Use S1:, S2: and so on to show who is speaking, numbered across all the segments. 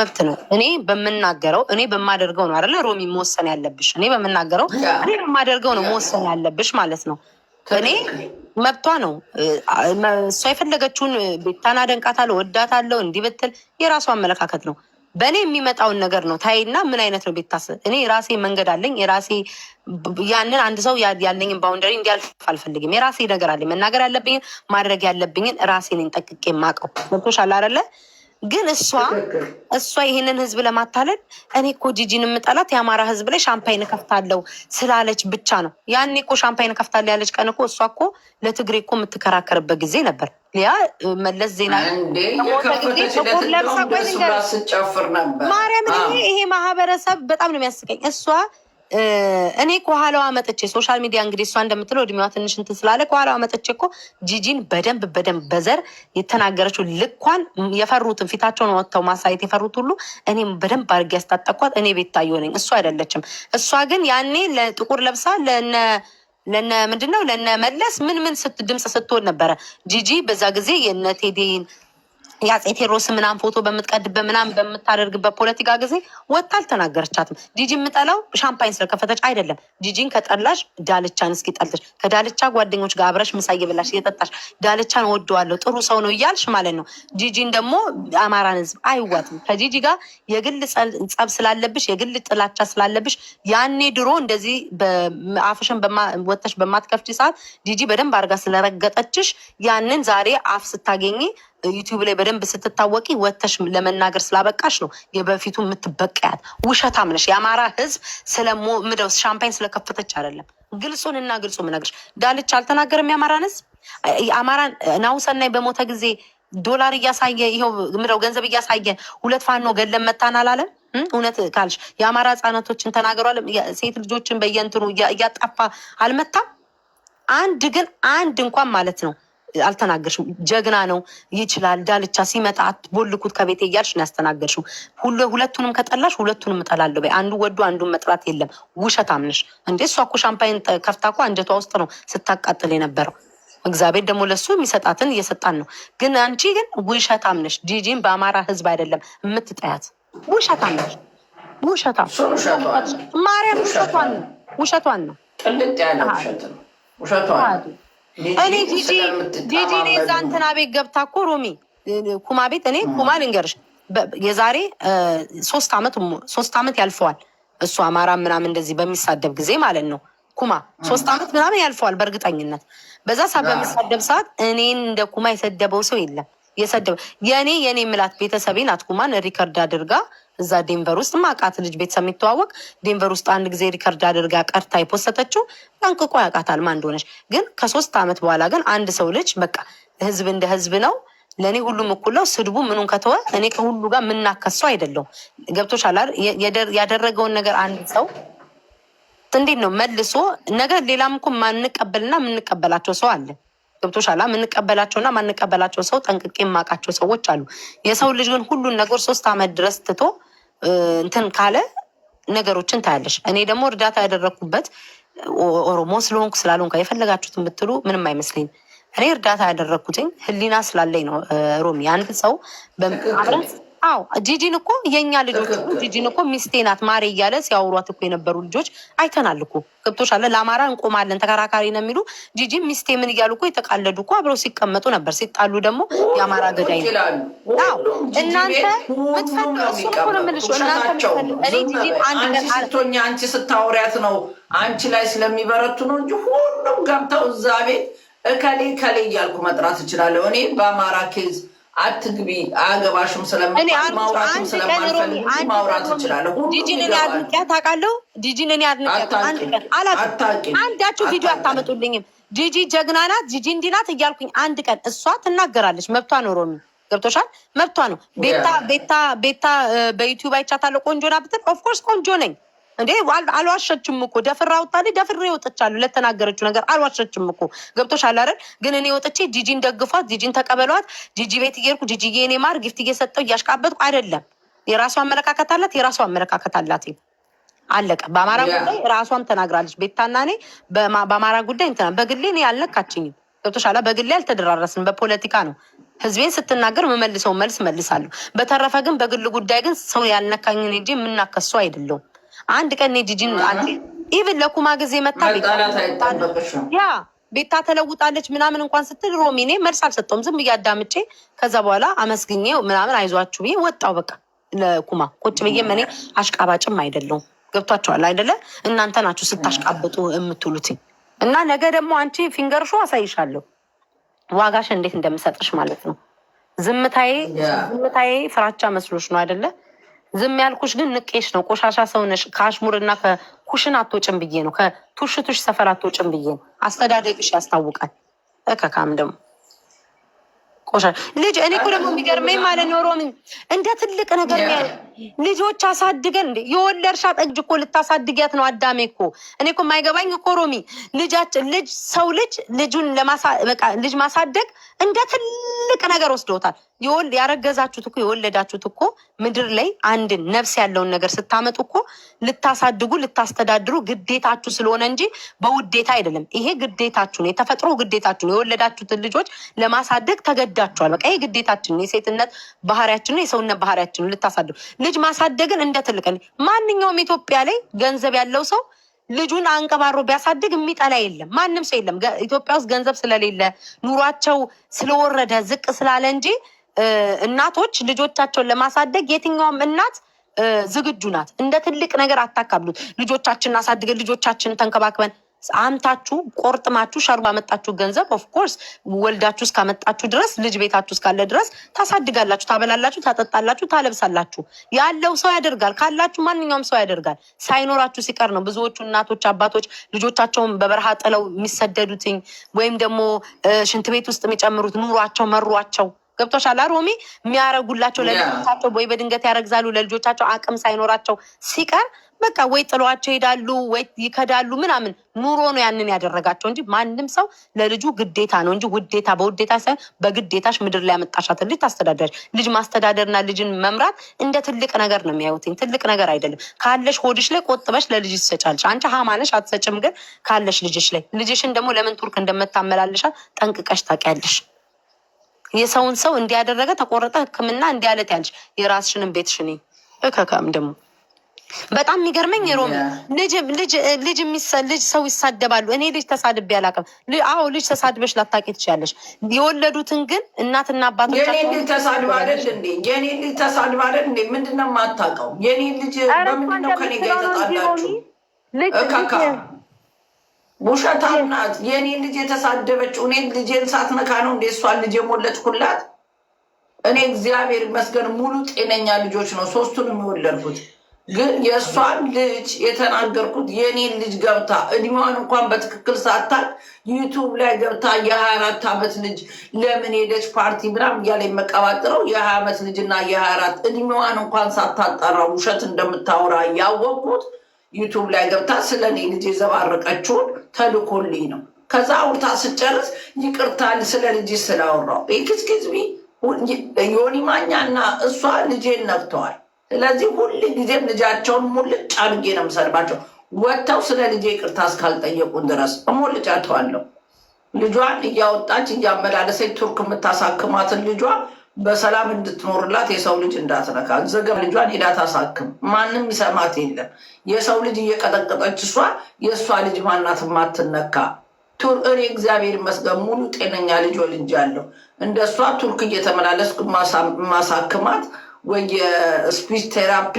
S1: መብት ነው። እኔ በምናገረው እኔ በማደርገው ነው አይደለ ሮሚ መወሰን ያለብሽ። እኔ በምናገረው እኔ በማደርገው ነው መወሰን ያለብሽ ማለት ነው። እኔ መብቷ ነው። እሷ የፈለገችውን ቤታን አደንቃታለሁ፣ ወዳታለሁ እንዲህ ብትል የራሱ አመለካከት ነው። በእኔ የሚመጣውን ነገር ነው ታይና፣ ምን አይነት ነው ቤታስ? እኔ የራሴ መንገድ አለኝ። የራሴ ያንን አንድ ሰው ያለኝን ባውንደሪ እንዲያልፍ አልፈልግም። የራሴ ነገር አለኝ። መናገር ያለብኝን ማድረግ ያለብኝን ራሴን ጠቅቄ ማቀው መብቶች አላረለ ግን እሷ እሷ ይሄንን ህዝብ ለማታለል እኔ እኮ ጂጂን የምጠላት የአማራ ህዝብ ላይ ሻምፓይን ከፍታለው ስላለች ብቻ ነው። ያኔ እኮ ሻምፓይን ከፍታለ ያለች ቀን እኮ እሷ እኮ ለትግሬ እኮ የምትከራከርበት ጊዜ ነበር። ያ መለስ ዜና ማርያም፣ ይሄ ማህበረሰብ በጣም ነው የሚያስቀኝ እሷ እኔ ከኋላዋ መጥቼ ሶሻል ሚዲያ እንግዲህ እሷ እንደምትለው እድሜዋ ትንሽ እንትን ስላለ ከኋላዋ መጥቼ እኮ ጂጂን በደንብ በደንብ በዘር የተናገረችው ልኳን የፈሩትን ፊታቸውን ወጥተው ማሳየት የፈሩት ሁሉ እኔም በደንብ አድርጌ ያስታጠቋት እኔ ታየ ነኝ፣ እሷ አይደለችም። እሷ ግን ያኔ ለጥቁር ለብሳ ለነ ለነ ምንድን ነው ለነ መለስ ምን ምን ድምፅ ስትሆን ነበረ ጂጂ በዛ ጊዜ የነ ቴዲን የአፄ ቴዎድሮስ ምናምን ፎቶ በምትቀድበት ምናም በምታደርግበት ፖለቲካ ጊዜ ወጥታ አልተናገረቻትም። ጂጂ የምጠላው ሻምፓኝ ስለከፈተች አይደለም። ጂጂን ከጠላሽ ዳልቻን እስኪ ጠልተሽ ከዳልቻ ጓደኞች ጋር አብረሽ ምሳ እየበላሽ እየጠጣሽ ዳልቻን ወደዋለሁ ጥሩ ሰው ነው እያልሽ ማለት ነው። ጂጂን ደግሞ አማራን ህዝብ አይዋጥም። ከጂጂ ጋር የግል ጸብ ስላለብሽ፣ የግል ጥላቻ ስላለብሽ ያኔ ድሮ እንደዚህ አፍሽን ወተሽ በማትከፍች ሰዓት ጂጂ በደንብ አድርጋ ስለረገጠችሽ ያንን ዛሬ አፍ ስታገኝ ዩቲዩብ ላይ በደንብ ስትታወቂ ወተሽ ለመናገር ስላበቃሽ ነው የበፊቱ የምትበቀያት ውሸታም ነሽ። የአማራ ህዝብ ስለምደው ሻምፓኝ ስለከፈተች አይደለም። እና ግልጹ ምነግርሽ ዳልቻ አልተናገርም። የአማራን ህዝብ የአማራን ናውሰናይ በሞተ ጊዜ ዶላር እያሳየ ይኸው ምደው ገንዘብ እያሳየ ሁለት ፋኖ ገለን መታን አላለም። እውነት ካልሽ የአማራ ህጻናቶችን ተናግሯል። ሴት ልጆችን በየንትኑ እያጣፋ አልመታም። አንድ ግን አንድ እንኳን ማለት ነው አልተናገርሽም። ጀግና ነው ይችላል። ዳልቻ ሲመጣ አትቦልኩት ከቤቴ እያልሽ ነው ያስተናገርሽው። ሁለቱንም ከጠላሽ ሁለቱንም እጠላለሁ በይ። አንዱ ወዶ አንዱን መጥላት የለም። ውሸት አምንሽ እንዴ! እሷ እኮ ሻምፓይን ከፍታ እኮ አንጀቷ ውስጥ ነው ስታቃጥል የነበረው። እግዚአብሔር ደግሞ ለሱ የሚሰጣትን እየሰጣን ነው። ግን አንቺ ግን ውሸት ነሽ። ጂጂን በአማራ ህዝብ አይደለም የምትጠያት ውሸት ነሽ። ውሸታም ማርያም ውሸቷን ነው። ውሸቷን ነው።
S2: ያለ ውሸት ነው
S1: እኔ ጂጂ ጂጂ እኔ እዛ እንትና ቤት ገብታ እኮ ሮሚ ኩማ ቤት እኔ ኩማ ልንገርሽ የዛሬ ሶስት ዓመት ሶስት ዓመት ያልፈዋል። እሱ አማራ ምናምን እንደዚህ በሚሳደብ ጊዜ ማለት ነው። ኩማ ሶስት ዓመት ምናምን ያልፈዋል በእርግጠኝነት። በዛ ሰዓት በሚሳደብ ሰዓት እኔን እንደ ኩማ የሰደበው ሰው የለም። የሰደበው የእኔ የእኔ ምላት ቤተሰቤን ናት። ኩማን ሪከርድ አድርጋ እዛ ዴንቨር ውስጥ ማቃት ልጅ ቤተሰብ የሚተዋወቅ ዴንቨር ውስጥ አንድ ጊዜ ሪከርድ አድርጋ ቀርታ የፖሰተችው ጠንቅቆ ያውቃታል ማን እንደሆነች። ግን ከሶስት ዓመት በኋላ ግን አንድ ሰው ልጅ በቃ ህዝብ እንደ ህዝብ ነው ለእኔ ሁሉም እኩል ነው። ስድቡ ምኑን ከተወ እኔ ከሁሉ ጋር የምናከሰው አይደለሁም። ገብቶሻል ያደረገውን ነገር አንድ ሰው እንዴት ነው መልሶ ነገር ሌላም እኮ ማንቀበልና የምንቀበላቸው ሰው አለ። ገብቶሻል። የምንቀበላቸውና ማንቀበላቸው ሰው ጠንቅቄ የማውቃቸው ሰዎች አሉ። የሰው ልጅ ግን ሁሉን ነገር ሶስት ዓመት ድረስ ትቶ እንትን ካለ ነገሮችን ታያለሽ። እኔ ደግሞ እርዳታ ያደረግኩበት ኦሮሞ ስለሆንኩ ስላልሆንኩ የፈለጋችሁት የምትሉ ምንም አይመስለኝም። እኔ እርዳታ ያደረግኩትኝ ህሊና ስላለኝ ነው። ሮሚ አንድ ሰው በምረት አዎ ጂጂን እኮ የእኛ ልጆች ጂጂን እኮ ሚስቴ ናት ማሬ እያለ ሲያወሯት እኮ የነበሩ ልጆች አይተናል እኮ ገብቶች አለ ለአማራ እንቆማለን ተከራካሪ ነው የሚሉ ጂጂ ሚስቴ ምን እያሉ እኮ የተቃለዱ እኮ አብረው ሲቀመጡ ነበር። ሲጣሉ ደግሞ የአማራ ገዳይ ነው። እናንተ ምትፈልሱምልእናንተእኔ አንቺ ስታወሪያት ነው አንቺ ላይ ስለሚበረቱ ነው እንጂ ሁሉም ገብተው እዛ ቤት እከሌ ከሌ እያልኩ መጥራት እችላለሁ እኔ በአማራ ኬዝ አትግቢ አገባሽም ስለማውራትም ስለማልፈልግ ማውራት እችላለሁ። ጂጂን እኔ አድንቄያት አውቃለሁ። ጂጂን እኔ አድንቄያት አላውቅም። አንዳችሁ ቪዲዮ አታመጡልኝም። ጂጂ ጀግና ናት፣ ጂጂ እንዲህ ናት እያልኩኝ አንድ ቀን እሷ ትናገራለች። መብቷ ነው ሮሚ ገብቶሻል። መብቷ ነው። ቤታ ቤታ ቤታ በዩቲዩብ አይቻታለሁ ቆንጆ ናት ብትል ኦፍኮርስ ቆንጆ ነኝ እንዴ አልዋሸችም እኮ ደፍራ ወጣ ደፍሬ ወጥቻለሁ። ለተናገረችው ነገር አልዋሸችም እኮ ገብቶሻል አይደል? ግን እኔ ወጥቼ ጂጂን ደግፏት፣ ጂጂን ተቀበሏት፣ ጂጂ ቤት እየሄድኩ ጂጂ የኔ ማር ጊፍት እየሰጠው እያሽቃበጥኩ አይደለም። የራሱ አመለካከት አላት፣ የራሱ አመለካከት አላት። አለቀ። በአማራ ጉዳይ ራሷም ተናግራለች። ቤታና እኔ በአማራ ጉዳይ እንትና በግሌ እኔ አልነካችኝም። ገብቶሻል። በግሌ አልተደራረስንም። በፖለቲካ ነው ህዝቤን ስትናገር መመልሰው መልስ መልሳለሁ። በተረፈ ግን በግል ጉዳይ ግን ሰው ያልነካኝን እንጂ የምናከሱ አይደለውም። አንድ ቀን ጂጂን ኢቭን ለኩማ ጊዜ መታ ያ ቤታ ተለውጣለች ምናምን እንኳን ስትል ሮሚ እኔ መልስ አልሰጠውም። ዝም እያዳምጬ ከዛ በኋላ አመስግኜ ምናምን አይዟችሁ ብዬ ወጣው። በቃ ለኩማ ቁጭ ብዬ እኔ አሽቃባጭም አይደለውም። ገብቷቸዋል አይደለ? እናንተ ናችሁ ስታሽቃብጡ የምትሉትኝ እና ነገ ደግሞ አንቺ ፊንገር ሾ አሳይሻለሁ ዋጋሽ እንዴት እንደምሰጥሽ ማለት ነው። ዝምታዬ ዝምታዬ ፍራቻ መስሎች ነው አይደለ? ዝም ያልኩሽ ግን ንቄሽ ነው። ቆሻሻ ሰውነሽ ከአሽሙርና ከኩሽን አትወጭም ብዬ ነው። ከቱሽቱሽ ሰፈር አትወጭም ብዬ ነው። አስተዳደግሽ ያስታውቃል። እከካም ደግሞ ቆሻ ልጅ እኔ እኮ ደግሞ የሚገርመኝ ማለት ኖሮ እንደ ትልቅ ነገር ልጆች አሳድገን እንዴ የወለድሻት እጅ እኮ ልታሳድጊያት ነው። አዳሜ እኮ እኔ እኮ የማይገባኝ እኮ ሮሚ ልጃችን ልጅ ሰው ልጅ ልጁን ልጅ ማሳደግ እንደ ትልቅ ነገር ወስደውታል። ያረገዛችሁት እኮ የወለዳችሁት እኮ ምድር ላይ አንድን ነፍስ ያለውን ነገር ስታመጡ እኮ ልታሳድጉ ልታስተዳድሩ ግዴታችሁ ስለሆነ እንጂ በውዴታ አይደለም። ይሄ ግዴታችሁ ነው፣ የተፈጥሮ ግዴታችሁ ነው። የወለዳችሁትን ልጆች ለማሳደግ ተገዳችኋል። በቃ ይሄ ግዴታችን የሴትነት ባህሪያችን የሰውነት ባህሪያችን ልታሳድጉ ልጅ ማሳደግን እንደ ትልቅ ማንኛውም ኢትዮጵያ ላይ ገንዘብ ያለው ሰው ልጁን አንቀባሮ ቢያሳድግ የሚጠላ የለም፣ ማንም ሰው የለም። ኢትዮጵያ ውስጥ ገንዘብ ስለሌለ ኑሯቸው ስለወረደ ዝቅ ስላለ እንጂ እናቶች ልጆቻቸውን ለማሳደግ የትኛውም እናት ዝግጁ ናት። እንደ ትልቅ ነገር አታካብሉት። ልጆቻችንን አሳድገን ልጆቻችንን ተንከባክበን አምታችሁ ቆርጥማችሁ ሸርቦ ያመጣችሁ ገንዘብ ኦፍኮርስ ወልዳችሁ እስካመጣችሁ ድረስ ልጅ ቤታችሁ እስካለ ድረስ ታሳድጋላችሁ፣ ታበላላችሁ፣ ታጠጣላችሁ፣ ታለብሳላችሁ። ያለው ሰው ያደርጋል ካላችሁ ማንኛውም ሰው ያደርጋል። ሳይኖራችሁ ሲቀር ነው ብዙዎቹ እናቶች አባቶች ልጆቻቸውን በበረሃ ጥለው የሚሰደዱትኝ ወይም ደግሞ ሽንት ቤት ውስጥ የሚጨምሩት ኑሯቸው መሯቸው ገብቶሻል ሮሚ የሚያረጉላቸው ለልጆቻቸው ወይ በድንገት ያረግዛሉ ለልጆቻቸው አቅም ሳይኖራቸው ሲቀር በቃ ወይ ጥሏቸው ይሄዳሉ ወይ ይከዳሉ ምናምን ኑሮ ነው ያንን ያደረጋቸው እንጂ ማንም ሰው ለልጁ ግዴታ ነው እንጂ ውዴታ በውዴታ ሳይሆን በግዴታሽ ምድር ላይ ያመጣሻትን ልጅ ታስተዳደር ልጅ ማስተዳደርና ልጅን መምራት እንደ ትልቅ ነገር ነው የሚያዩትኝ። ትልቅ ነገር አይደለም። ካለሽ ሆድሽ ላይ ቆጥበሽ ለልጅ ትሰጫለሽ። አንቺ ሀማነሽ አትሰጭም፣ ግን ካለሽ ልጅሽ ላይ ልጅሽን ደግሞ ለምን ቱርክ እንደምታመላልሻት ጠንቅቀሽ ታውቂያለሽ። የሰውን ሰው እንዲያደረገ ተቆረጠ ህክምና እንዲያለት ያለሽ የራስሽንም ቤትሽን እከካም ደግሞ በጣም የሚገርመኝ ሮሚ ልጅ ልጅ ሰው ይሳደባሉ። እኔ ልጅ ተሳድቤ አላውቅም። አዎ ልጅ ተሳድበሽ ላታውቂ ትችያለሽ። የወለዱትን ግን እናትና አባቶች የኔ ልጅ ተሳድባ አይደል እንዴ? የኔ ልጅ ተሳድባ አይደል እንዴ? ምንድን ነው የማታውቀው? የኔ ልጅ በምንድን ነው ከኔ ጋር የተጣላችሁ? እካካ ውሸታም ናት። የኔ ልጅ የተሳደበችው እኔ ልጄን ሳትነካ ነው እንዴ? እሷን ልጅ የሞለድኩላት እኔ እግዚአብሔር ይመስገን ሙሉ ጤነኛ ልጆች ነው ሶስቱን የሚወለድኩት ግን የእሷን ልጅ የተናገርኩት የኔን ልጅ ገብታ እድሜዋን እንኳን በትክክል ሳታል ዩቱብ ላይ ገብታ የሀያ አራት ዓመት ልጅ ለምን ሄደች ፓርቲ ምናምን እያለ የመቀባጥረው የሀያ ዓመት ልጅና የሀያ አራት እድሜዋን እንኳን ሳታጠራ ውሸት እንደምታወራ ያወቅኩት ዩቱብ ላይ ገብታ ስለ እኔ ልጅ የዘባረቀችውን ተልኮልኝ ነው። ከዛ አውርታ ስጨርስ ይቅርታ ስለ ልጅ ስላወራው ኤክስኪዝ ሚ ዮኒ ማኛ እና እሷ ልጄን ነብተዋል። ስለዚህ ሁል ጊዜም ልጃቸውን ሙልጭ አድርጌ ነው የምሰድባቸው። ወጥተው ስለ ልጄ ይቅርታ እስካልጠየቁን ድረስ እሞልጫቸዋለሁ። ልጇን እያወጣች እያመላለሰች ቱርክ የምታሳክማትን ልጇ በሰላም እንድትኖርላት የሰው ልጅ እንዳትነካ ዘገ ልጇን ሄዳ ታሳክም። ማንም ይሰማት የለም። የሰው ልጅ እየቀጠቀጠች እሷ የእሷ ልጅ ማናት ማትነካ ቱር እኔ እግዚአብሔር ይመስገን ሙሉ ጤነኛ ልጅ ወልጃለሁ። እንደ እሷ ቱርክ እየተመላለስኩ ማሳክማት ወይ የስፒች ቴራፒ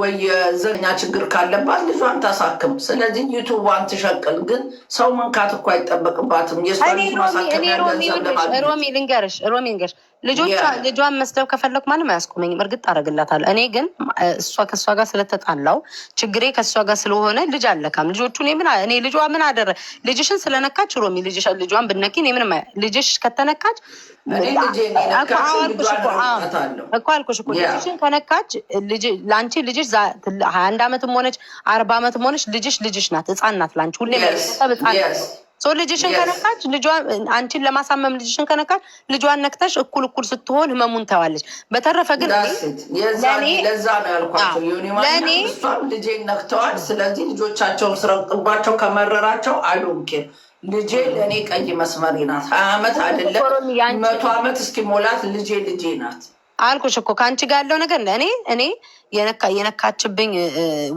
S1: ወይ የዘኛ ችግር ካለባት ልጇን ታሳክም። ስለዚህ ዩቱብዋን ትሸቅል። ግን ሰው መንካት እኮ አይጠበቅባትም። የእሷ ልጅ ማሳከሚያ ገንዘብ ሮሚ ልንገርሽ ሮሚ ልንገርሽ ልጇን መስደብ ከፈለኩ ማንም አያስቆመኝም። እርግጥ አደርግላታለሁ። እኔ ግን እሷ ከእሷ ጋር ስለተጣላው ችግሬ ከእሷ ጋር ስለሆነ ልጅ አለካም ልጆቹ እኔ ልጇ ምን አደረ ልጅሽን ስለነካች ሮሚ ልጇን ብነኪ ምን ልጅሽ ከተነካች እኮ አልኩሽ እኮ ልጅሽን ከነካች ለአንቺ ልጅሽ ሀያ አንድ ዓመትም ሆነች አርባ ዓመትም ሆነች ልጅሽ ልጅሽ ናት፣ ህፃን ናት። ለአንቺ ሁሌ ህፃን ናት። ሰው ልጅሽን ከነካች አንቺን ለማሳመም ልጅሽን ከነካች ልጇን ነክተሽ እኩል እኩል ስትሆን ህመሙን ተዋለች። በተረፈ ግን ለዛ ነው ለእኔ እሷም ልጄን ነክተዋል። ስለዚህ ልጆቻቸውን ስረቅባቸው ከመረራቸው አልንኬም ልጄ ለእኔ ቀይ መስመሬ ናት። ሀያ ዓመት አይደለም መቶ ዓመት እስኪሞላት ልጄ ልጄ ናት አልኩሽ እኮ ከአንቺ ጋር ያለው ነገር ለእኔ እኔ የነካችብኝ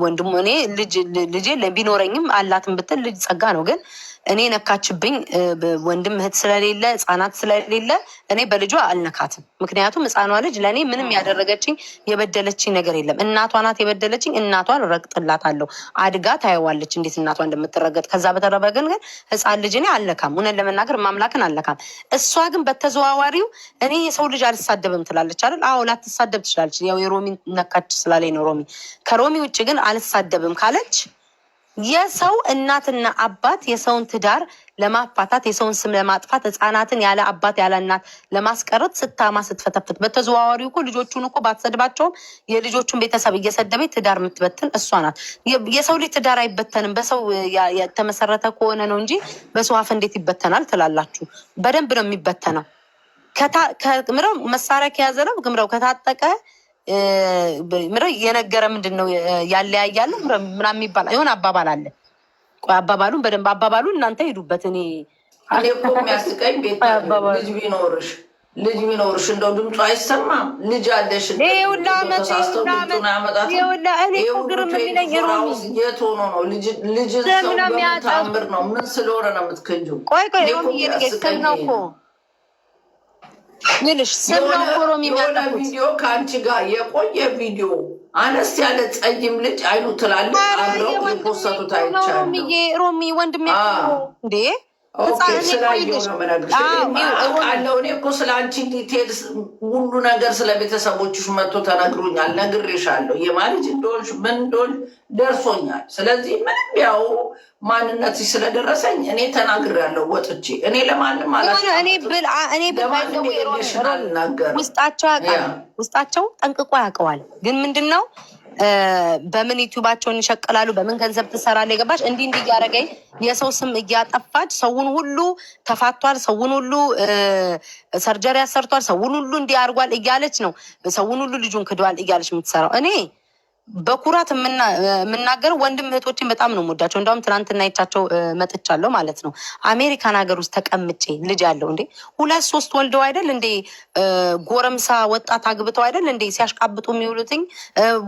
S1: ወንድም እኔ ልጄ ቢኖረኝም አላትን ብትል ልጅ ጸጋ ነው። ግን እኔ የነካችብኝ ወንድም እህት ስለሌለ ህጻናት ስለሌለ እኔ በልጇ አልነካትም። ምክንያቱም ህፃኗ ልጅ ለእኔ ምንም ያደረገችኝ የበደለችኝ ነገር የለም። እናቷ ናት የበደለችኝ። እናቷን ረግጥላታለሁ። አድጋ ታየዋለች እንዴት እናቷ እንደምትረገጥ። ከዛ በተረፈ ግን ግን ህፃን ልጅ እኔ አልነካም። እውነት ለመናገር ማምላክን አልነካም። እሷ ግን በተዘዋዋሪው እኔ የሰው ልጅ አልሳደብም ትላለች አይደል? አዎ ላትሳደብ ትችላለች። ያው የሮሚን ነካች ስላለኝ ነው ሮሚ። ከሮሚ ውጭ ግን አልሳደብም ካለች የሰው እናትና አባት የሰውን ትዳር ለማፋታት የሰውን ስም ለማጥፋት ህፃናትን ያለ አባት ያለ እናት ለማስቀረት ስታማ ስትፈተፍት፣ በተዘዋዋሪ እኮ ልጆቹን እኮ ባትሰድባቸውም የልጆቹን ቤተሰብ እየሰደበች ትዳር የምትበትን እሷ ናት። የሰው ልጅ ትዳር አይበተንም በሰው የተመሰረተ ከሆነ ነው እንጂ በሰው አፍ እንዴት ይበተናል ትላላችሁ? በደንብ ነው የሚበተነው። ምረው መሳሪያ ከያዘ ነው ግምረው ከታጠቀ ምረው የነገረ ምንድን ነው ያለያያሉ ምናምን የሚባል የሆነ አባባል አለ። አባባሉን በደንብ አባባሉ እናንተ ሄዱበት። እኔ እኔ እኮ የሚያስቀኝ ቤት ልጅ ቢኖርሽ ልጅ ቢኖርሽ እንደው ድምፁ አይሰማም። ልጅ አለሽ ሁላ የት ሆኖ ነው ልጅ ሰው ታምር ነው ምን ስለሆነ ነው የምትከንጁ? ቆይ ቆይ ነው እኮ ይልሽ ቪዲዮ ከአንቺ ጋር የቆየ ቪዲዮ አነስ ያለ ጸይም ልጅ አይኑ ትላልቅ አብረው የፖሰቱት አይቻልም። ሮሚ ወንድሜ እንዴ ስላየሆነመነግርአለው እኔ እኮ ስለ አንቺ ዲቴል ሁሉ ነገር ስለ ቤተሰቦችሽ መጥቶ ተነግሮኛል። ነግሬሻለሁ የማን ልጅ እንደሆንሽ ምን እንደሆንሽ ደርሶኛል። ስለዚህ ምንም ያው ማንነት ስለደረሰኝ እኔ ተናግሬያለሁ ወጥቼ እኔ ለማንም ውስጣቸው ያውቃል ውስጣቸው ጠንቅቆ ያውቀዋል ግን ምንድን ነው በምን ዩቲዩባቸውን ይሸቀላሉ በምን ገንዘብ ትሰራለህ የገባች እንዲህ እንዲህ እያደረገኝ የሰው ስም እያጠፋች ሰውን ሁሉ ተፋቷል ሰውን ሁሉ ሰርጀሪ አሰርቷል ሰውን ሁሉ እንዲህ አድርጓል እያለች ነው ሰውን ሁሉ ልጁን ክደዋል እያለች የምትሰራው እኔ በኩራት የምናገረው ወንድም እህቶችን በጣም ነው የምወዳቸው። እንዲሁም ትናንትና አይቻቸው መጥቻለሁ ማለት ነው። አሜሪካን ሀገር ውስጥ ተቀምጬ ልጅ ያለው እንዴ ሁለት ሶስት ወልደው አይደል እንዴ ጎረምሳ ወጣት አግብተው አይደል እንዴ ሲያሽቃብጡ የሚውሉትኝ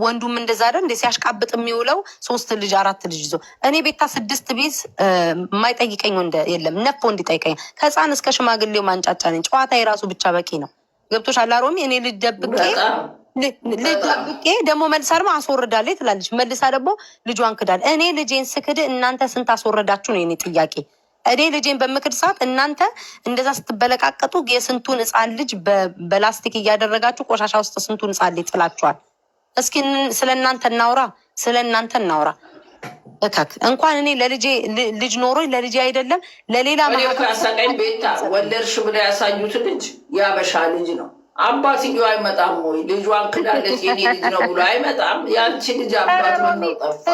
S1: ወንዱም እንደዛ አይደል እንዴ ሲያሽቃብጥ የሚውለው ሶስት ልጅ አራት ልጅ ይዞ እኔ ቤታ ስድስት ቤት የማይጠይቀኝ ወንድ የለም። ነፎ እንዲጠይቀኝ ከህፃን እስከ ሽማግሌው ማንጫጫ ነኝ። ጨዋታ የራሱ ብቻ በቂ ነው። ገብቶሻል አሮሚ እኔ ልጅ ደብቄ ልጠብቄ ደግሞ መልሳ ደግሞ አስወርዳለች ትላለች። መልሳ ደግሞ ልጇን ክዳል። እኔ ልጄን ስክድ እናንተ ስንት አስወረዳችሁ ነው የኔ ጥያቄ። እኔ ልጄን በምክድ ሰዓት እናንተ እንደዛ ስትበለቃቀጡ የስንቱን ሕፃን ልጅ በላስቲክ እያደረጋችሁ ቆሻሻ ውስጥ ስንቱን ሕፃን ልጅ ጥላችኋል። እስኪ ስለ እናንተ እናውራ፣ ስለ እናንተ እናውራ። እካክ እንኳን እኔ ለልጄ ልጅ ኖሮ ለልጄ አይደለም ለሌላ ማሳቀኝ ቤታ ወለድሽ ብላ ያሳዩት ልጅ ያበሻ ልጅ ነው። አባትዮ አይመጣም ወይ? ልጇን ክዳለች የኔ ልጅ ነው ብሎ አይመጣም። ያንቺ ልጅ አባት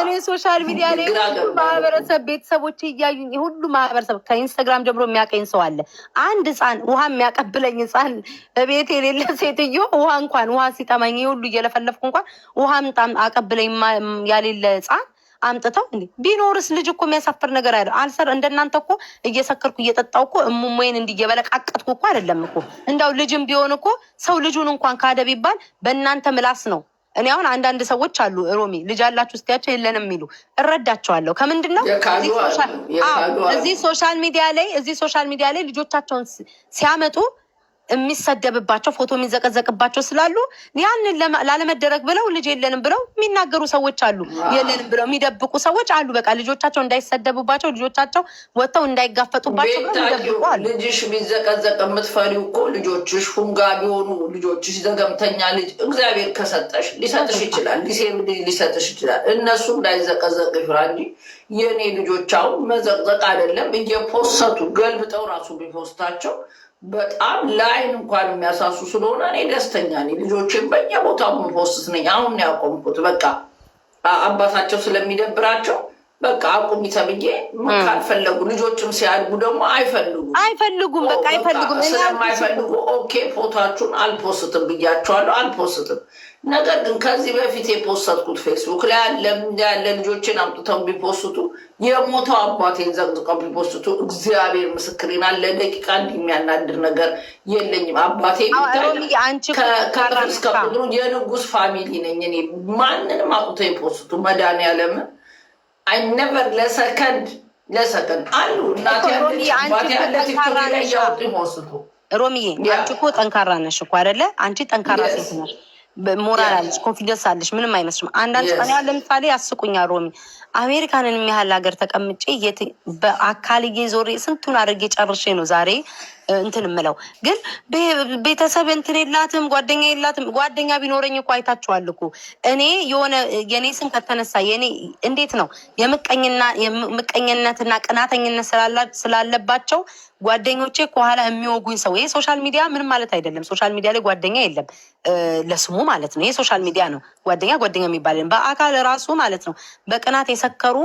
S1: እኔ ሶሻል ሚዲያ ላይ ሁሉ ማህበረሰብ ቤተሰቦች እያዩኝ ሁሉ ማህበረሰብ ከኢንስታግራም ጀምሮ የሚያቀኝ ሰው አለ። አንድ ህፃን ውሃ የሚያቀብለኝ ህፃን ቤት የሌለ ሴትዮ ውሃ እንኳን ውሃ ሲጠማኝ ሁሉ እየለፈለፍኩ እንኳን ውሃ ምጣም አቀብለኝ ያሌለ ህፃን አምጥተው እንዴ ቢኖርስ ልጅ እኮ የሚያሳፍር ነገር አይደለም። አልሰር እንደናንተ እኮ እየሰከርኩ እየጠጣው እኮ እሙሞይን እንዲየበለቃቀጥኩ እኮ አይደለም እኮ እንዳው ልጅም ቢሆን እኮ ሰው ልጁን እንኳን ካደ ቢባል በእናንተ ምላስ ነው። እኔ አሁን አንዳንድ ሰዎች አሉ ሮሚ ልጅ አላችሁ እስኪያቸው የለንም የሚሉ እረዳቸዋለሁ። ከምንድን ነው እዚህ ሶሻል ሚዲያ ላይ እዚህ ሶሻል ሚዲያ ላይ ልጆቻቸውን ሲያመጡ የሚሰደብባቸው ፎቶ የሚዘቀዘቅባቸው ስላሉ ያንን ላለመደረግ ብለው ልጅ የለንም ብለው የሚናገሩ ሰዎች አሉ። የለንም ብለው የሚደብቁ ሰዎች አሉ። በቃ ልጆቻቸው እንዳይሰደቡባቸው ልጆቻቸው ወጥተው እንዳይጋፈጡባቸው የሚደብቁ አሉ። ልጅሽ ቢዘቀዘቅ የምትፈሪው እኮ ልጆችሽ ሁንጋ ቢሆኑ ልጆችሽ ዘገምተኛ ልጅ እግዚአብሔር ከሰጠሽ ሊሰጥሽ ይችላል፣ ሊሰጥሽ ይችላል። እነሱ እንዳይዘቀዘቅ ይፍራ እንጂ የእኔ ልጆች አሁን መዘቅዘቅ አይደለም እየፖሰቱ ገልብጠው ራሱ ቢፖስታቸው በጣም ለአይን እንኳን የሚያሳሱ ስለሆነ እኔ ደስተኛ ነኝ። ልጆችን በየቦታው ፖስት ነኝ። አሁን ያቆምኩት በቃ አባታቸው ስለሚደብራቸው በቃ አቁሚ ተብዬ ካልፈለጉ ልጆችም ሲያድጉ ደግሞ አይፈልጉም አይፈልጉም በቃ አይፈልጉም። ስለማይፈልጉ ኦኬ ፎታችሁን አልፖስትም ብያቸዋለሁ፣ አልፖስትም። ነገር ግን ከዚህ በፊት የፖስተትኩት ፌስቡክ ላይ ያለ ልጆችን አምጥተው ቢፖስቱ የሞተው አባቴን ዘቅዝቀው ቢፖስቱ እግዚአብሔር ምስክሬና ለደቂቃ እንዲህ የሚያናድር ነገር የለኝም። አባቴ ከፍር እስከ ምድሩ የንጉስ ፋሚሊ ነኝ እኔ። ማንንም አውጥተው የፖስቱ መድኃኒዓለምን አይ ነበር ለሰከንድ ለሰከንድ አሉ እናቴ ሮሚዬ አንቺ እኮ ጠንካራ ነሽ እኮ አይደለ? አንቺ ጠንካራ ሴት ነሽ፣ ሞራል አለች፣ ኮንፊደንስ አለሽ። ምንም አይመስልም። አንዳንድ ቀን ያህል ለምሳሌ ያስቁኛል ሮሚ፣ አሜሪካንን የሚያህል ሀገር ተቀምጬ በአካልዬ ዞሬ ስንቱን አድርጌ ጨርሼ ነው ዛሬ እንትን ምለው ግን ቤተሰብ እንትን የላትም ጓደኛ የላትም። ጓደኛ ቢኖረኝ እኮ አይታችኋል እኮ እኔ የሆነ የኔ ስም ከተነሳ የኔ እንዴት ነው የምቀኝነትና ቅናተኝነት ስላለባቸው ጓደኞቼ ከኋላ የሚወጉኝ ሰው ይሄ ሶሻል ሚዲያ ምን ማለት አይደለም። ሶሻል ሚዲያ ላይ ጓደኛ የለም ለስሙ ማለት ነው። ይሄ ሶሻል ሚዲያ ነው። ጓደኛ ጓደኛ የሚባል በአካል ራሱ ማለት ነው። በቅናት የሰከሩ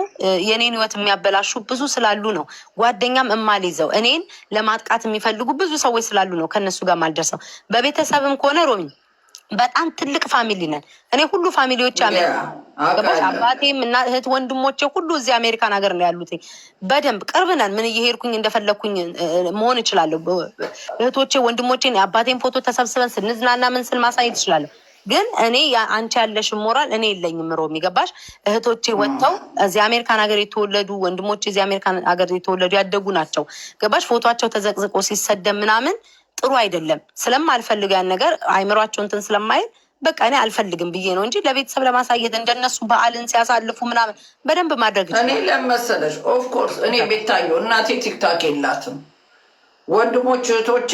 S1: የኔን ህይወት የሚያበላሹ ብዙ ስላሉ ነው ጓደኛም ይዘው እኔን ለማጥቃት የሚፈል የሚፈልጉ ብዙ ሰዎች ስላሉ ነው ከነሱ ጋር ማልደርሰው። በቤተሰብም ከሆነ ሮሚ በጣም ትልቅ ፋሚሊ ነን። እኔ ሁሉ ፋሚሊዎች አሜሪካ አባቴም እና እህት ወንድሞቼ ሁሉ እዚህ አሜሪካን ሀገር ነው ያሉት። በደንብ ቅርብ ነን። ምን እየሄድኩኝ እንደፈለግኩኝ መሆን እችላለሁ። እህቶቼ ወንድሞቼ፣ አባቴን ፎቶ ተሰብስበን ስንዝናና ምን ስል ማሳየት እችላለሁ። ግን እኔ አንቺ ያለሽ ሞራል እኔ የለኝም። ሮሚ የሚገባሽ እህቶቼ ወጥተው እዚህ አሜሪካን ሀገር የተወለዱ ወንድሞቼ እዚህ አሜሪካን ሀገር የተወለዱ ያደጉ ናቸው። ገባሽ? ፎቶቸው ተዘቅዝቆ ሲሰደብ ምናምን ጥሩ አይደለም። ስለማልፈልግ ያን ነገር አይምሯቸው እንትን ስለማይል በቃ እኔ አልፈልግም ብዬ ነው እንጂ ለቤተሰብ ለማሳየት እንደነሱ በዓልን ሲያሳልፉ ምናምን በደንብ ማድረግ እኔ ለመሰለሽ ኦፍኮርስ እኔ ቤታየው እናቴ ቲክታክ የላትም ወንድሞች እህቶቼ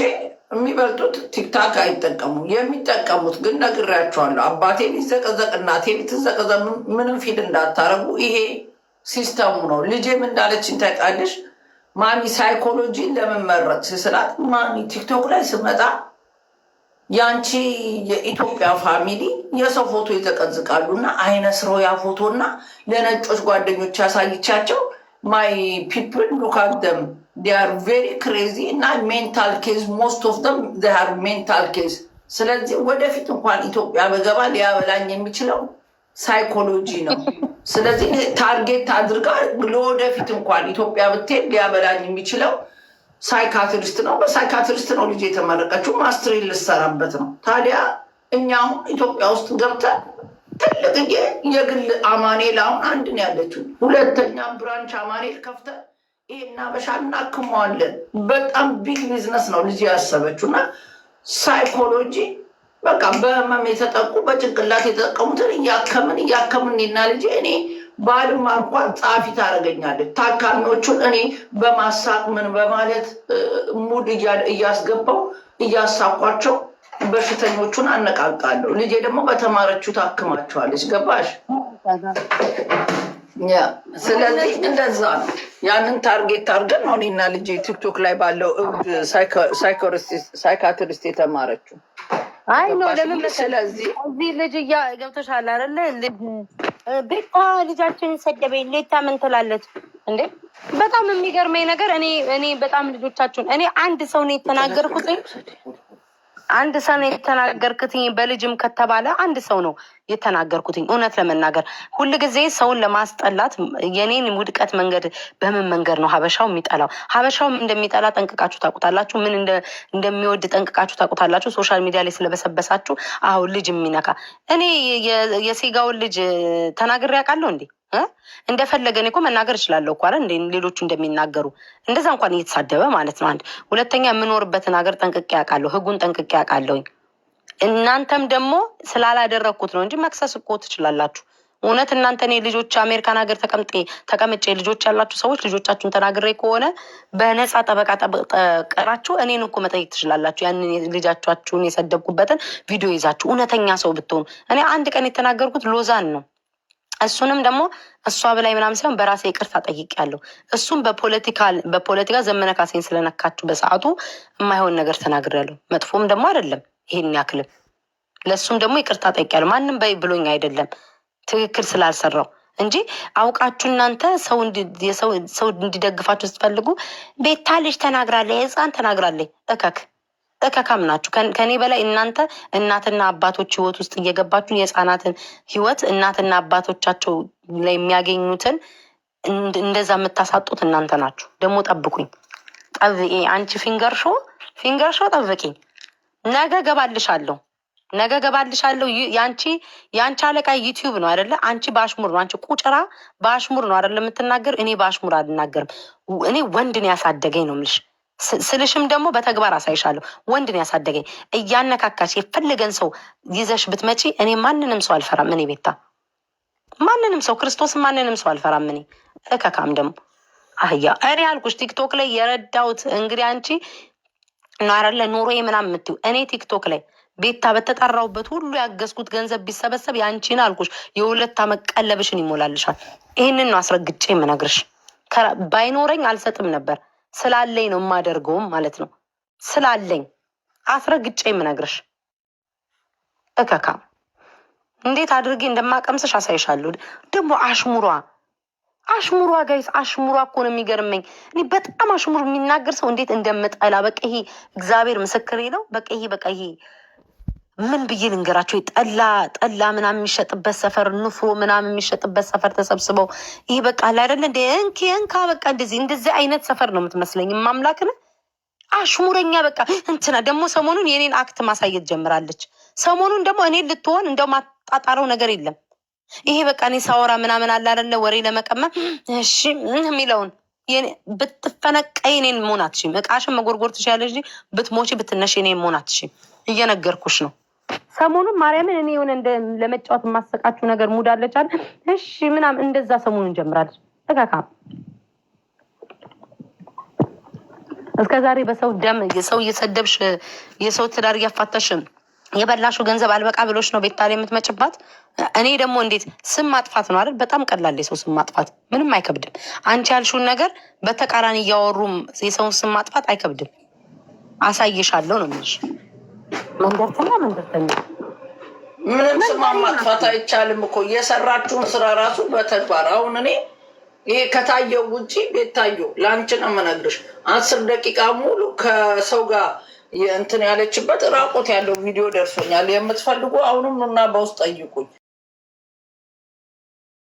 S1: የሚበልጡት ቲክታክ አይጠቀሙ የሚጠቀሙት ግን ነግሬያቸዋለሁ። አባቴን ይዘቀዘቅ እናቴ ልትዘቀዘቅ ምንም ፊድ እንዳታረጉ። ይሄ ሲስተሙ ነው። ልጄም እንዳለችን ታውቂያለሽ ማሚ ሳይኮሎጂ ለመመረጥ ስላት ማሚ ቲክቶክ ላይ ስመጣ ያንቺ የኢትዮጵያ ፋሚሊ የሰው ፎቶ ይዘቀዝቃሉ እና አይነ ስረው ያ ፎቶ እና ለነጮች ጓደኞች ያሳይቻቸው ማይ ፒፕል ሉካደም ር ቬሪ ክሬዚ እና ሜንታል ኬዝ ሞስት ኦፍ ደም ር ሜንታል ኬዝ። ስለዚህ ወደፊት እንኳን ኢትዮጵያ በገባ ሊያበላኝ የሚችለው ሳይኮሎጂ ነው። ስለዚህ ታርጌት አድርጋ ለወደፊት እንኳን ኢትዮጵያ ብትሄድ ሊያበላኝ የሚችለው ሳይካትሪስት ነው። በሳይካትሪስት ነው ልጅ የተመረቀችው ማስትሪ ልሰራበት ነው። ታዲያ እኛ አሁን ኢትዮጵያ ውስጥ ገብተን ትልቅዬ የግል አማኔል አሁን አንድ ያለችው፣ ሁለተኛ ብራንች አማኔል ከፍተን ይሄና በሻ እናክመዋለን። በጣም ቢግ ቢዝነስ ነው ልጅ ያሰበችው እና ሳይኮሎጂ በቃ በህመም የተጠቁ በጭንቅላት የተጠቀሙትን እያከምን እያከምን እና ልጅ እኔ ባልማ እንኳን ጸሐፊ ታደርገኛለች። ታካሚዎቹን እኔ በማሳቅ ምን በማለት ሙድ እያስገባው እያሳኳቸው በሽተኞቹን አነቃቃለሁ። ልጄ ደግሞ በተማረችው ታክማቸዋለች። ገባሽ? ስለዚህ እንደዛ ነው። ያንን ታርጌት አድርገን አሁን ና ልጅ ቲክቶክ ላይ ባለው እብድ ሳይካትሪስት የተማረችው አይ ነው። ለምን ስለዚህ እዚህ ልጅ እያ ገብቶሻል አይደለ? ቤታ ልጃችን ሰደበኝ ሌታ ምን ትላለች እንዴ? በጣም የሚገርመኝ ነገር እኔ እኔ በጣም ልጆቻችሁን እኔ አንድ ሰው ነው የተናገርኩት አንድ ሰው ነው የተናገርኩትኝ በልጅም ከተባለ አንድ ሰው ነው የተናገርኩትኝ። እውነት ለመናገር ጊዜ ሰውን ለማስጠላት የኔን ውድቀት መንገድ በምን መንገድ ነው ሀበሻው የሚጠላው? ሀበሻው እንደሚጠላ ጠንቅቃችሁ ታውቁታላችሁ። ምን እንደሚወድ ጠንቅቃችሁ ታውቁታላችሁ። ሶሻል ሚዲያ ላይ ስለበሰበሳችሁ አሁን ልጅ የሚነካ እኔ የሴጋውን ልጅ ተናግሬ ያውቃለሁ እንዴ? እንደፈለገን እኮ መናገር እችላለሁ እኮ አይደል? ሌሎቹ እንደሚናገሩ እንደዛ እንኳን እየተሳደበ ማለት ነው። አንድ ሁለተኛ የምኖርበትን ሀገር ጠንቅቄ ያውቃለሁ፣ ህጉን ጠንቅቄ ያውቃለሁኝ። እናንተም ደግሞ ስላላደረግኩት ነው እንጂ መክሰስ እኮ ትችላላችሁ። እውነት እናንተ እኔ ልጆች አሜሪካን ሀገር ተቀምጬ ልጆች ያላችሁ ሰዎች ልጆቻችሁን ተናግሬ ከሆነ በነፃ ጠበቃ ጠቀራችሁ እኔን እኮ መጠየቅ ትችላላችሁ። ያንን ልጃችሁን የሰደብኩበትን ቪዲዮ ይዛችሁ እውነተኛ ሰው ብትሆኑ። እኔ አንድ ቀን የተናገርኩት ሎዛን ነው እሱንም ደግሞ እሷ በላይ ምናምን ሳይሆን በራሴ ይቅርታ ጠይቄያለሁ። እሱም በፖለቲካ ዘመነ ካሴን ስለነካችሁ በሰዓቱ የማይሆን ነገር ተናግሬያለሁ። መጥፎም ደግሞ አይደለም ይህን ያክልም። ለእሱም ደግሞ ይቅርታ ጠይቄያለሁ። ማንም በይ ብሎኝ አይደለም ትክክል ስላልሰራው እንጂ አውቃችሁ እናንተ ሰው እንዲደግፋችሁ ስትፈልጉ ቤታ ልጅ ተናግራለች፣ ህፃን ተናግራለች እከክ እከካም ናችሁ። ከኔ በላይ እናንተ እናትና አባቶች ህይወት ውስጥ እየገባችሁ የህፃናትን ህይወት እናትና አባቶቻቸው ላይ የሚያገኙትን እንደዛ የምታሳጡት እናንተ ናችሁ። ደግሞ ጠብቁኝ፣ ጠብቂ። አንቺ ፊንገር ሾ ፊንገር ሾ ጠብቂኝ። ነገ ገባልሻለሁ፣ ነገ ገባልሻለሁ። የአንቺ የአንቺ አለቃ ዩቲዩብ ነው አይደለ? አንቺ በአሽሙር ነው አንቺ ቁጭራ በአሽሙር ነው አይደለ የምትናገር? እኔ በአሽሙር አልናገርም። እኔ ወንድን ያሳደገኝ ነው የምልሽ ስልሽም ደግሞ በተግባር አሳይሻለሁ። ወንድ ነው ያሳደገኝ። እያነካካች የፈለገን ሰው ይዘሽ ብትመጪ እኔ ማንንም ሰው አልፈራም። እኔ ቤታ ማንንም ሰው ክርስቶስ ማንንም ሰው አልፈራም። እኔ እከካም ደግሞ አህያ እኔ አልኩሽ ቲክቶክ ላይ የረዳሁት እንግዲህ አንቺ ናረለ ኑሮ ምናምን የምትይው እኔ ቲክቶክ ላይ ቤታ በተጠራውበት ሁሉ ያገዝኩት ገንዘብ ቢሰበሰብ ያንቺን አልኩሽ የሁለት ዓመት ቀለብሽን ይሞላልሻል። ይህንን ነው አስረግጬ የምነግርሽ። ባይኖረኝ አልሰጥም ነበር። ስላለኝ ነው የማደርገውም ማለት ነው። ስላለኝ አስረግጬ የምነግርሽ እከካ እንዴት አድርጌ እንደማቀምስሽ አሳይሻለሁ። ደግሞ አሽሙሯ አሽሙሯ ጋይስ አሽሙሯ እኮ ነው የሚገርመኝ። እኔ በጣም አሽሙር የሚናገር ሰው እንዴት እንደምጠላ በቃ ይሄ እግዚአብሔር ምስክር ነው። በቃ ይሄ በቃ ይሄ ምን ብዬ ልንገራቸው? ጠላ ጠላ ምናምን የሚሸጥበት ሰፈር ንፉ ምናምን የሚሸጥበት ሰፈር ተሰብስበው ይህ በቃ አይደለ እንደ እንኪ እንካ በቃ እንደዚህ እንደዚህ አይነት ሰፈር ነው የምትመስለኝ። ማምላክን አሽሙረኛ በቃ እንትና ደግሞ ሰሞኑን የእኔን አክት ማሳየት ጀምራለች። ሰሞኑን ደግሞ እኔ ልትሆን እንደው ማጣጣረው ነገር የለም። ይሄ በቃ እኔ ሳወራ ምናምን አለ አይደለ ወሬ ለመቀመም እሺ የሚለውን ብትፈነቀ እኔን መሆን አትሽም። እቃሽን መጎርጎር ትችያለሽ። ብትሞቺ ብትነሽ እኔን መሆን አትሽም። እየነገርኩሽ ነው። ሰሞኑን ማርያምን እኔ የሆነ ለመጫወት የማሰቃችሁ ነገር ሙድ አለቻል። እሺ ምናም እንደዛ ሰሞኑን እንጀምራል ተካካ እስከ ዛሬ በሰው ደም የሰው እየሰደብሽ የሰው ትዳር እያፋተሽ የበላሹ ገንዘብ አልበቃ ብሎች ነው ቤታ ላይ የምትመጭባት። እኔ ደግሞ እንዴት ስም ማጥፋት ነው አይደል? በጣም ቀላል የሰው ስም ማጥፋት ምንም አይከብድም። አንቺ ያልሽውን ነገር በተቃራኒ እያወሩም የሰውን ስም ማጥፋት አይከብድም። አሳይሻለሁ ነው የምልሽ። መንደርተኛ መንደርተኛ ምንም ስማ ማጥፋት አይቻልም እኮ የሰራችሁን ስራ ራሱ በተግባር አሁን እኔ ይሄ ከታየው ውጭ ቤታየው ለአንቺ ነው የምነግርሽ። አስር ደቂቃ ሙሉ ከሰው ጋር እንትን ያለችበት ራቆት ያለው ቪዲዮ ደርሶኛል። የምትፈልጉ አሁንም ኑና በውስጥ ጠይቁኝ።